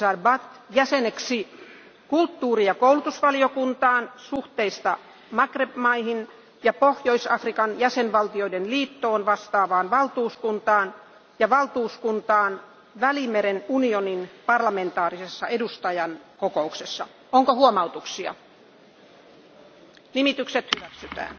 jarbat jäseneksi kulttuuri ja koulutusvaliokuntaan suhteista maghreb maihin ja pohjois afrikan jäsenvaltioiden liittoon vastaavaan valtuuskuntaan ja valtuuskuntaan välimeren unionin parlamentaarisessa edustajainkokouksessa. onko huomautuksia? nimitykset hyväksytään.